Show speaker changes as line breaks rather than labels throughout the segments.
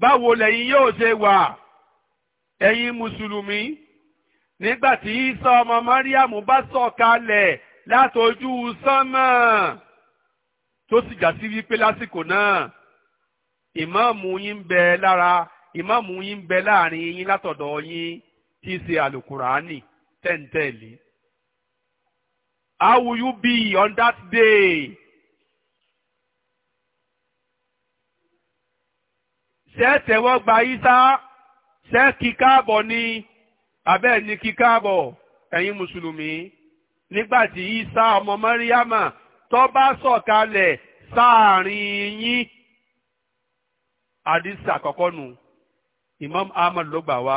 báwo lẹ́yìn yóò ṣe wà ẹ̀yin mùsùlùmí nígbà tí ọmọ mọ́ríàmù bá sọ̀kalẹ̀ látojú sánmà tó sì já sí wípé lásìkò náà ìmáàmù yín ń bẹ lára yín láàrin yín látọ̀dọ̀ yín tí í will be on that day? ṣẹ́ẹ̀tẹ̀wọ́ gba Ìsá ṣẹ́ kí káàbọ̀ ni abẹ́ ni kí káàbọ̀ ẹ̀yin mùsùlùmí nígbà tí Ìsá ọmọ Mọ́ríyámà tó bá sọ̀kalẹ̀ sáàrin yín àdìsí àkọ́kọ́ nù Imam Ahmed ló gbà wá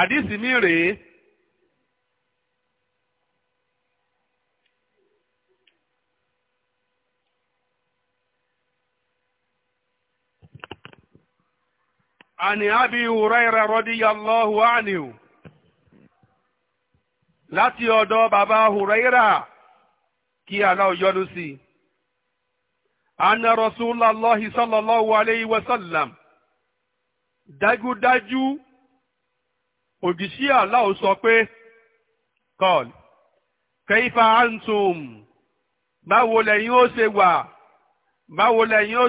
àdìsí mi rèé. عن أبي هريرة رضي الله عنه láti ọ̀dọ̀ bàbá Huraira kí Allah yọ́nú sí anna rasulallahi sallallahu alayhi wa sallam dájúdájú òjíṣẹ́ Allah sọ pé kọ́ọ̀lù kaifa antum báwo lẹ́yìn ó ṣe wà báwo lẹ́yìn ó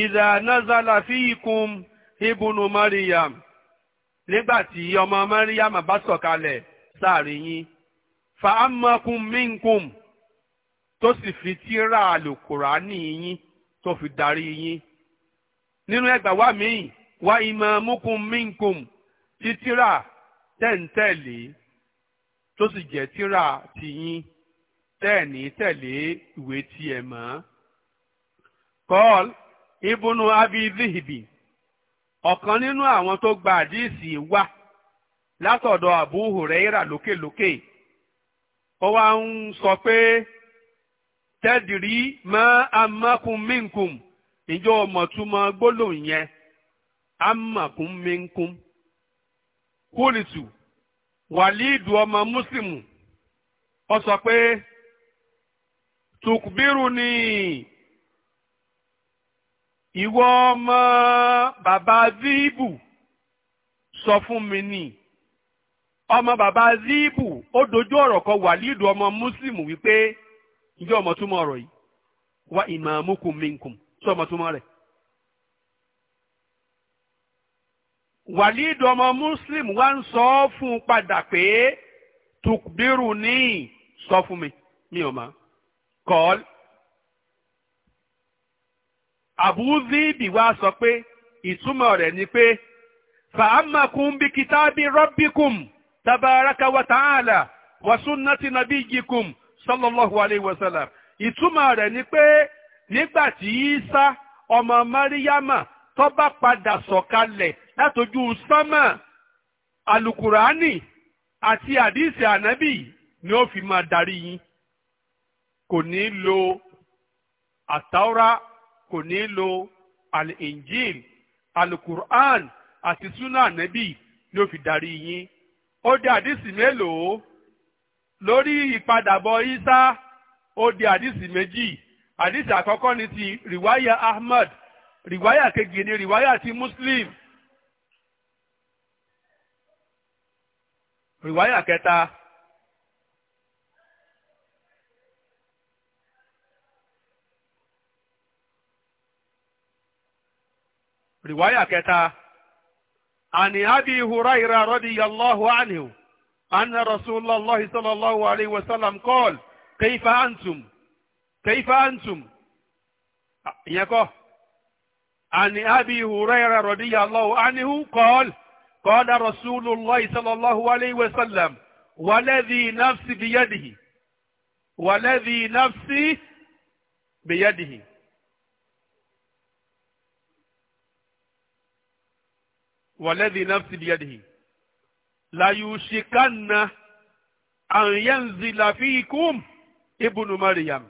ìdá nazala fiikum ibùnú mariam nígbà tí ọmọ mariam bá sọ̀kalẹ̀ sáàrin yín fa amakum minkum tó sì fi tírà àlùkùránì yín tó fi darí yín nínú ẹgbàá wa míì wa imamukum minkum tí tírà tẹ̀ǹtẹ̀lé tó sì jẹ́ tírà tiyín tẹ́ẹ̀ní tẹ̀lé ìwé tiẹ̀ mọ́. kọ́ọ̀lù. ibunu abizihibi ọ̀kan nínú àwọn tó gba àdíìsì wá látọ̀dọ̀ rẹ̀ ìrà lókèlókè ó wá ń sọ pé tẹ́dìrí mọ́ amákùnmínkùn ìjọ gbólóhùn yẹn amákùnmínkùn kúlìtù wàlíìdù ọmọ mùsùlùmù ọ sọ pé tùkùbírù ni. ìwọ ọmọ bàbá zibu sọ fún mi ni ọmọ bàbá zibu ó dojú ọ̀rọ̀ kọ wàlídù ọmọ muslimu wípé ǹjẹ́ ọmọ túmọ̀ ọ̀rọ̀ yìí wa imamukum minkum sọ ọmọ túmọ̀ rẹ̀. wàlídù ọmọ muslim wá ń sọ ọ́ fún un padà pé tukbiru ní sọ fún mi mi ò mọ̀ kọ́ọ́lù àbúzíbì wá sọ pé ìtumọ̀ rẹ̀ ni pé fàámàkùn bí kìtàbí rọ́bìkùm tabaraka wa ta'ala wa sunnati nabiyyikum sallallahu alayhi wa sallam ìtumọ̀ rẹ̀ ni pé nígbà tí Isa ọmọ Mariama tó bá padà sọ̀kalẹ̀ látojú sánmà alukurani àti àdìsí ànábì ni ó fi máa darí yín kò ní lo àtàwọ́rá kò ní lo al-injil al-Qur'an àti sunnah nẹ́bì ni ó fi darí yín ó di àdìsí mélòó lórí ìpadàbọ̀ Isa ó di àdìsí méjì àdìsí àkọ́kọ́ ni ti riwaya Ahmad riwaya kejì ni riwaya ti Muslim. riwaya kẹta رواية كتا عن أبي هريرة رضي الله عنه أن رسول الله صلى الله عليه وسلم قال كيف أنتم كيف أنتم يكو عن أبي هريرة رضي الله عنه قال قال رسول الله صلى الله عليه وسلم والذي نفسي بيده والذي نفسي بيده wàlẹ́dì nafsi biyadihi layusikanna àyànzìlà fíkùm ibùnú mariam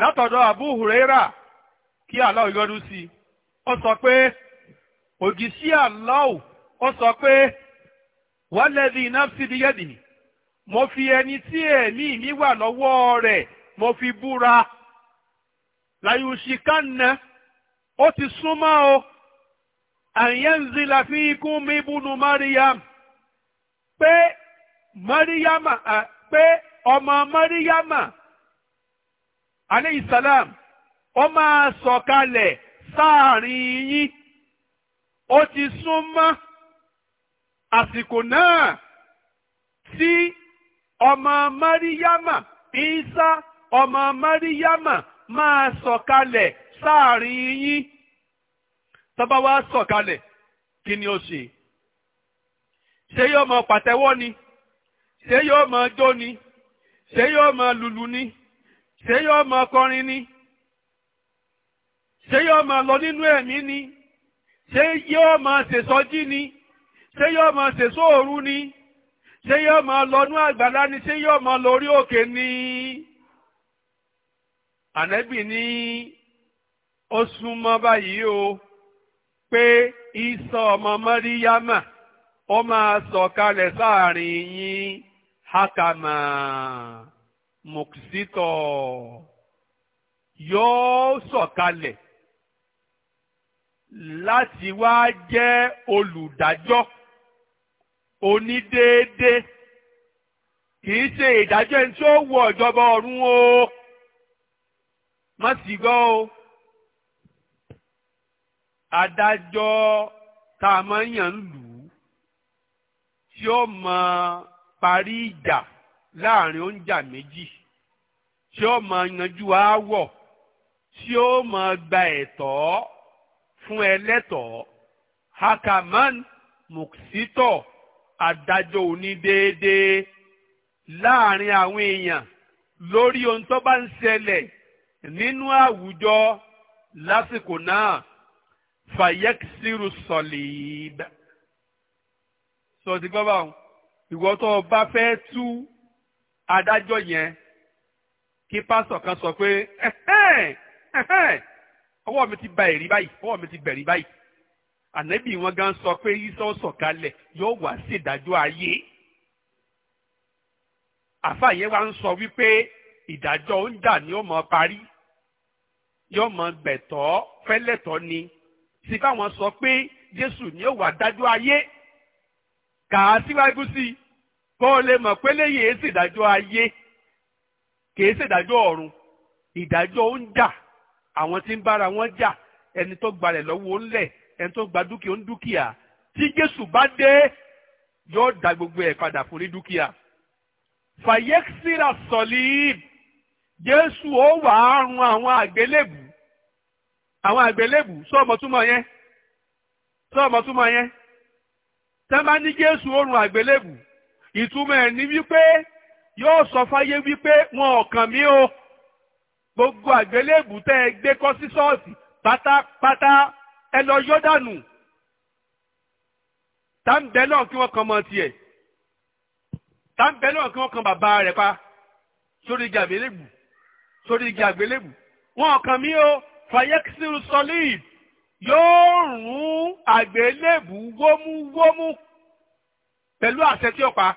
látọ̀dọ̀ abu huraira kí aláwọ̀ yọrù sí ó sọ pé ògìsí aláwọ̀ ó sọ pé wàlẹ́dì nafsi biyadihi mo fi ẹni tí ẹ̀mí mi wà lọ́wọ́ rẹ̀ mo fi búra layusikanna ó ti súnmọ́ o àyẹ́nzìlà fi ikú mímúnu Mariam pé Mariama pé ọmọ Mariama aleyhisalam ó máa sọ̀kalẹ̀ sáàrin yín ó ti sún mọ́ àsìkò náà tí ọmọ Mariama Isa ọmọ Mariama máa sọ̀kalẹ̀ sáàrin yín tọ́ba wá sọ̀kalẹ̀ kí ni ó ṣe ṣé yóò mọ pàtẹ́wọ́ ni ṣé yóò mọ jó ni ṣé yóò mọ lùlù ni ṣé yóò mọ kọrin ni ṣé yóò mọ lọ nínú ẹ̀mí ni ṣé yóò mọ ṣèṣọ́jí ni ṣé yóò mọ ṣèṣóòru ni ṣé yóò mọ lọ́nú àgbàlá ni ṣé yóò mọ lórí òkè ni ànẹ́bì ní ó súnmọ́ báyìí o. pé ìsọ ọmọ mọ́ríyámà ó máa sọ̀kalẹ̀ sáàrin yín hákàmà mùkìsítọ̀ yóò sọ̀kalẹ̀ láti wá jẹ́ olùdájọ́ onídéédé kìí ṣe ìdájọ́ ẹni tí ó wọ ìjọba ọ̀run o má sì gbọ́ o. adájọ́ tá a máa ń yàn lù ú tí ó máa parí ìjà láàrin oúnjà méjì tí ó máa yanjú aáwọ̀ tí ó máa gba ẹ̀tọ́ fún ẹlẹ́tọ̀ọ́ hakaman muksito adájọ́ onídéédéé láàrin àwọn èèyàn lórí ohun tó bá ń ṣẹlẹ̀ nínú àwùjọ lásìkò náà fàyẹ́kìsírù sọ̀lìb. sọ ti gbọ́ báwọn ìwọ tó o bá fẹ́ tú adájọ́ yẹn kí pásítọ̀ kan sọ pé ọwọ́ mi ti ba èrí báyìí ọwọ́ mi ti bẹ̀rí báyìí ànábì wọn gan sọ pé yíṣọ́ sọ̀kalẹ̀ yóò wá ṣèdájọ́ ayé àfa yẹn wá ń sọ wípé ìdájọ́ ń dà ní ó máa parí yóò máa gbẹ̀tọ́ fẹ́lẹ́tọ́ ni sí báwọn sọ pé Jésù ni ó wà dájú ayé kà á síwájú sí i kó o lè mọ̀ pé léyìí èé ṣèdájọ́ ayé kìí ṣèdájọ́ ọ̀run ìdájọ́ ń jà àwọn tí ń bára wọn jà ẹni tó gbalẹ̀ lọ́wọ́ ńlẹ̀ ẹni tó gba dúkìá ń dúkìá tí Jésù bá dé yóò dá gbogbo ẹ̀ padà fún ní dúkìá. fàyẹ́sìrà sọ̀lì Jésù ó wàá run àwọn àgbélébù àwọn àgbélébù sọ́ọ̀mọ̀ túmọ̀ yẹn sọ́ọ̀mọ̀ túmọ̀ yẹn tẹ́ bá ní jésù òrùn àgbélébù ìtumọ̀ ẹ̀ ní wípé yóò sọ fáyé wípé wọn ò kàn mí o gbogbo àgbélébù tẹ́ ẹ gbé kọ́ sí ṣọ́ọ̀ṣì pátápátá ẹ lọ yọ́ dànù táǹbẹ̀ náà kí wọ́n kan mọ tiẹ̀ táǹbẹ̀ náà kí wọ́n kan bàbá rẹ̀ pa sórí igi àgbélébù sórí igi àgbélébù wọn ò kàn mí o fàyẹ́kìsìrì solid yóò rún àgbélébù wómúwómú pẹ̀lú àṣẹ tí ó pa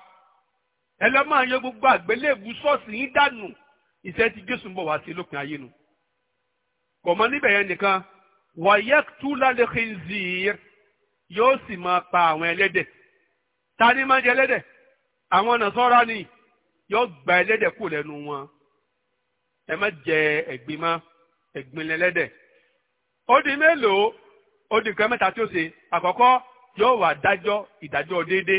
ẹ lọ́ máa yọ gbogbo àgbélébù ṣọ́ọ̀ṣì yín dànù ìṣẹ́ tí Jésù ń bọ̀ wá sí lópin ayé nu kò mọ níbẹ̀ yẹn nìkan wàyẹ́kìtù yóò sì máa pa àwọn ẹlẹ́dẹ̀ ta ni máa jẹ ẹlẹ́dẹ̀ àwọn nàṣọ́ra ni yóò gba ẹlẹ́dẹ̀ kù lẹ́nu wọn ẹ má jẹ ẹ̀gbin mọ́ ẹ̀gbin Odi ó di mélòó ó di nǹkan mẹ́ta tí ó ṣe àkọ́kọ́ yóò wá dájọ́ ìdájọ́ déédé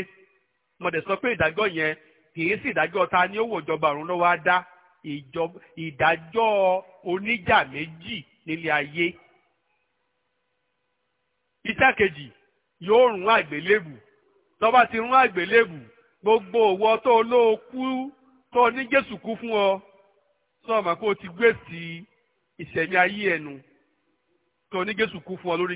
mo dẹ̀ sọ pé ìdájọ́ yẹn kìí sí ìdájọ́ ta ni ó wò ìjọba ọ̀run lọ́wọ́ á dá ìdájọ́ oníjà méjì nílé ayé iṣẹ́ kejì yóò rún àgbélébù tó ti rún àgbélébù gbogbo òwò tó olóòkú tó ní fún ọ sọ ma kó o ti gbèsè ìṣẹ̀mí ayé ẹnu tó ní Jésù kú fún ọ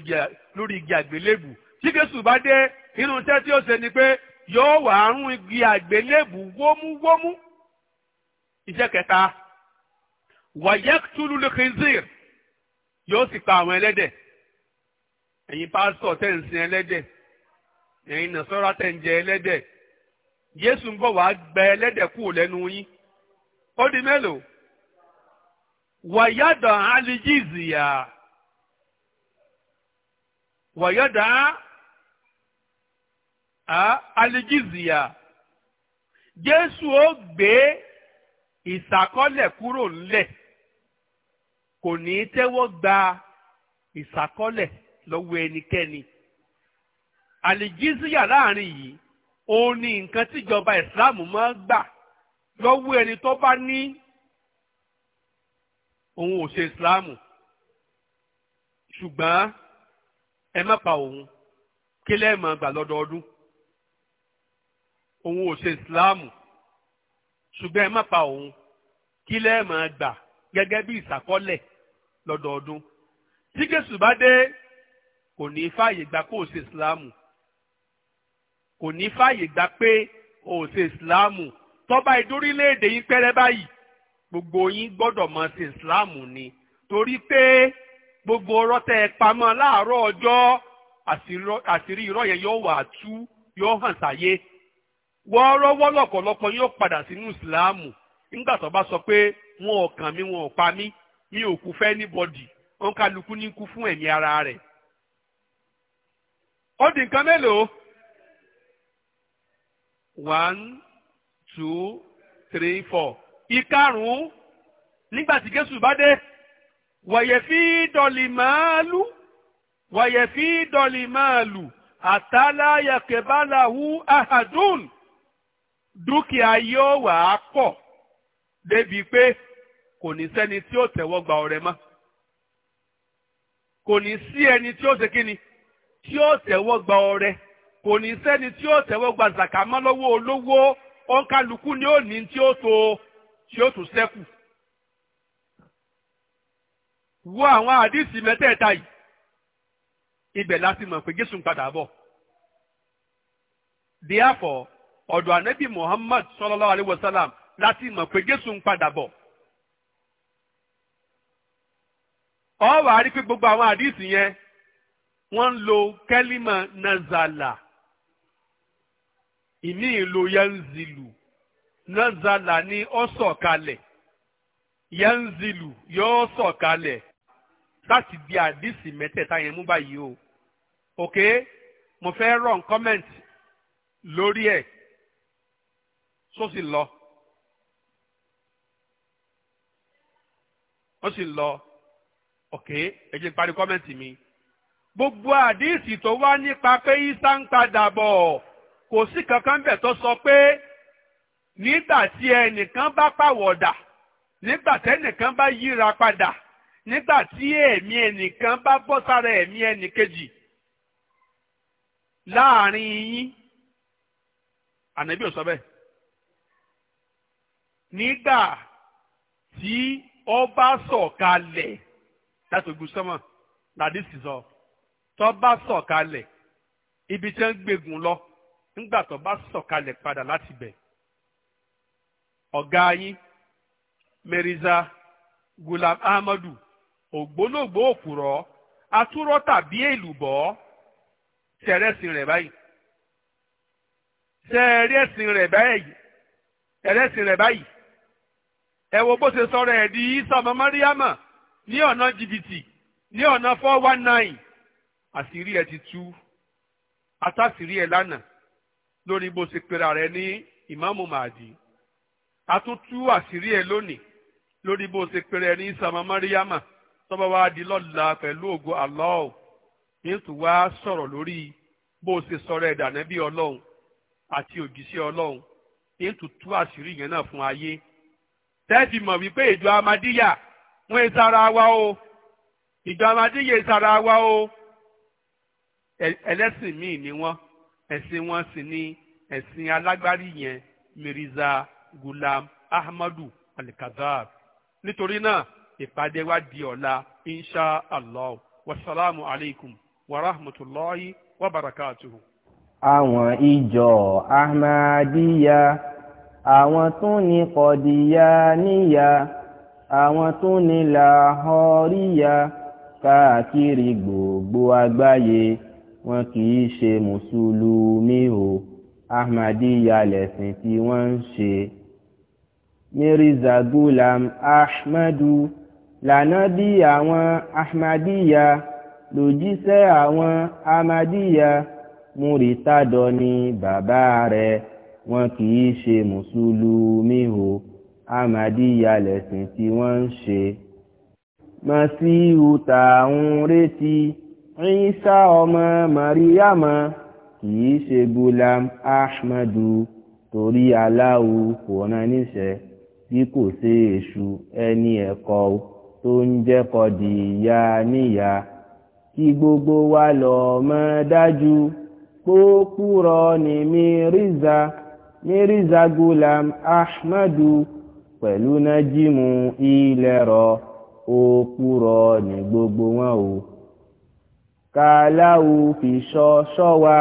lórí igi àgbélébù tí Jésù bá dé inú iṣẹ́ tí ó ṣe ni pé yóò wà á rún igi àgbélébù wómúwómú iṣẹ́ kẹta wàyẹ́kítúlù lẹ́kẹ́zìr yóò sì pa àwọn ẹlẹ́dẹ̀ ẹ̀yin pásítọ̀ tẹ̀ ń sin ẹlẹ́dẹ̀ ẹ̀yin nàṣọ́ra tẹ̀ ń jẹ ẹlẹ́dẹ̀ Jésù ń bọ̀ wá gbẹ ẹlẹ́dẹ̀ kúrò lẹ́nu yín ó di mélòó wàyádà alìjìzìyà wàyádà alìjìzìyà jésù ó gbé ìsàkọ́lẹ̀ kúrò ńlẹ̀ kò ní tẹ́wọ́ gba ìsàkọ́lẹ̀ lọ́wọ́ ẹnikẹ́ni àlìjísíyà láàrin yìí òun ni nǹkan tíjọba ìsìláàmù gbà òun ò ṣe ìsìláàmù ṣùgbọ́n ẹ má pa òun kí lẹ́ẹ̀mọ́ gbà lọ́dọọdún òun ò ṣe ìsìláàmù ṣùgbọ́n ẹ má pa òun kí lẹ́ẹ̀mọ́ gbà gẹ́gẹ́ bí ìsàkọ́lẹ̀ lọ́dọọdún tí Jésù bá dé kò ní fààyè gbà kó o ṣe ìsìláàmù kò ní fààyè gbà pé o ṣe ìsìláàmù tọ́ba ìdórílẹ̀ èdè yín pẹ́rẹ́ báyìí gbogbo yín gbọ́dọ̀ mọ̀ sí islam ni torí pé gbogbo ọ̀rọ̀ tẹ ẹ pamọ́ láàárọ̀ ọjọ́ àṣírí irọ́ yẹn yóò wà tú yóò hàn sáyé wọ́ọ́rọ́wọ́ lọ́pọ̀lọpọ̀ yóò padà sínú islam nígbà tó bá sọ pé wọn ò kàn mí wọn ò pa mí mi ò kú fẹ́ níbọ̀dì wọn kálukú ní kú fún ẹ̀mí ara rẹ̀. ó di nǹkan mélòó one two three four. ìkarùn-ún nígbà tí Jésù bá dé wọ̀yẹ̀ fi dọ̀lì máa lù wọ̀yẹ̀ dọ̀lì máa lù àtàláyàkẹ́bàláwù ahadun dúkìá yóò wà á pọ̀ débi pé kò ní sẹ́ni tí ó tẹ̀wọ́ gba ọrẹ mọ́ kò ní sí ẹni tí ó ṣe kí ni tí ó tẹ̀wọ́ gba ọrẹ kò ní sẹ́ni tí ó tẹ̀wọ́ gba zàkà lọ́wọ́ olówó ọ̀kálukú ni ó ní tí ó tó tí ó tún sẹ́kù wo àwọn àdìsí mẹ́tẹ̀ẹ̀ta yìí ibẹ̀ láti mọ̀ pé Jésù ń padà bọ̀ díàfọ̀ ọ̀dọ̀ ànábì Muhammad sallallahu alaihi wasallam láti mọ̀ pé Jésù ń padà bọ̀ ọ wà á rí pé gbogbo àwọn àdìsí yẹn wọ́n ń lo kẹ́límà nazala ìmí ìlò yanzilu nazala ni ó sọ̀kalẹ̀ yanzilu yóò sọ̀kalẹ̀ láti di àdìsí mẹ́tẹ̀ẹ̀ta yẹn mú báyìí o ok mo fẹ́ rán comment lórí ẹ̀ tó sì lọ ó sì lọ ok ẹ jẹ́ parí comment mi gbogbo àdìsí tó wá nípa pé isa ń padà bọ̀ kò sí kankan bẹ̀ tó sọ pé nígbà tí ẹnìkan bá pàwọ̀dà nígbà tẹ́nìkan bá yíra padà nígbà tí ẹ̀mí ẹnìkan bá bọ́ sára ẹ̀mí ẹnìkejì láàrin yín ànábì ò sọ bẹ́ẹ̀ nígbà tí ó bá sọ̀kalẹ̀ látògùn sọ́mọ̀ làdísì sọ tó bá sọ̀kalẹ̀ ibi tí wọ́n ń gbégun lọ nígbà tó bá sọ̀kalẹ̀ padà láti bẹ̀. ọga yín meriza gulam ahmadu ògbólógbò òkùrọ̀ atúrọ̀ tàbí èlùbọ́ tẹ̀rẹ́sìn rẹ̀ báyìí tẹ̀rẹ́sìn rẹ̀ báyìí tẹ̀rẹ́sìn rẹ̀ báyìí ẹ wo ní ọ̀nà jìbìtì ní ọ̀nà ti ẹ a tún tú àṣírí ẹ lónìí lórí bó ṣe pèrè ní sàmà mariama tọ́ba wa di lọ́la pẹ̀lú ògo Allah ní tù wá sọ̀rọ̀ lórí bó ṣe sọ̀rọ̀ ẹ̀dà nẹ́bí ọlọ́run àti òjíṣẹ́ ọlọ́run ní tù tú àṣírí yẹn náà fún ayé tẹ́ẹ̀fì mọ̀ wípé ìjọ amadíyà wọ́n e sára wa o ìjọ amadíyà e sára wa o ẹlẹ́sìn míì ni wọ́n ẹ̀sìn wọn sì ni ẹ̀sìn alágbárí yẹn Mirza gulam ahmadu alikazab nítorí náà ìpàdé wa di ọ̀la insha allah wasalaamu alaykum wa rahmatulahi wa barakatuhu.
àwọn ìjọ ahmadiyya àwọn tún ní kọdíyà níyà àwọn tún ní làhọríyà káàkiri gbogbo àgbáyé wọn kì í ṣe mùsùlùmí o ahmadiyya lẹ̀sìn tí wọ́n ń ṣe mirza gulam ahmadu lànábì àwọn ahmadiyya lòjíṣẹ́ àwọn ahmadiyya múritádọ ni bàbá rẹ̀ wọn kì í ṣe mùsùlùmí o ahmadiyya lẹ̀sìn tí wọ́n ń ṣe. masihu tààrùn retí Ìsá ọmọ mariama kì í ṣe gulam ahmadu torí aláwo kò rán níṣẹ́ bí kò ṣe èṣù ẹni ẹ̀kọ́ tó ń jẹ́ kọ́dì ìyá níyà kí gbogbo wa lọ mọ̀ dájú pópúrọ̀ ní mírízà mírízà gulam ahmadu pẹ̀lú nájímù ilẹ̀rọ òpúrọ̀ ní gbogbo wọn o kàláwù fi ṣọ́ ṣọ́ wa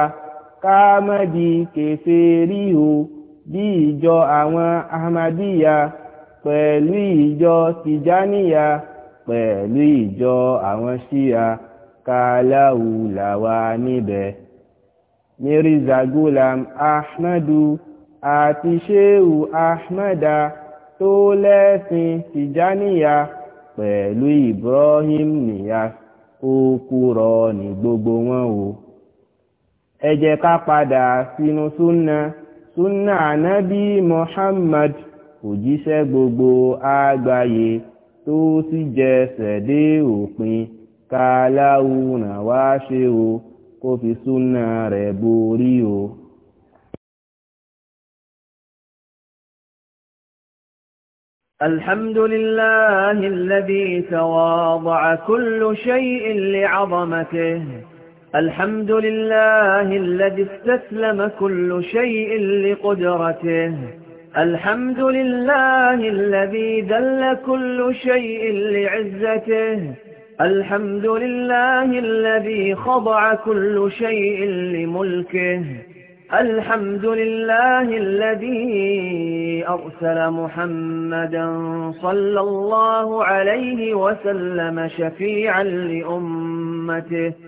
ká má di kèfèrí o bí ìjọ àwọn ahmadiyya pẹ̀lú ìjọ tijaniya pẹ̀lú ìjọ àwọn shia kàláwù làwa níbẹ̀ mirza gulam ahmadu àti sheu ahmada tó lẹ́sìn tijaniya pẹ̀lú ibrahim niyas ó kúrọ ní gbogbo wọn o ẹ jẹ́ ká padà sínú súnà. súnà ànábì Muhammad òjíṣẹ́ gbogbo àgbáyé tó sì jẹsẹ̀ dé òpin káláwù náà wá ṣe o kó fi súnà rẹ̀ borí o.
الحمد لله الذي
تواضع كل شيء لعظمته الحمد لله الذي استسلم كل شيء لقدرته الحمد لله الذي دل كل شيء لعزته الحمد لله الذي خضع كل شيء لملكه الحمد لله الذي أرسل محمدا صلى الله عليه وسلم شفيعا لأمته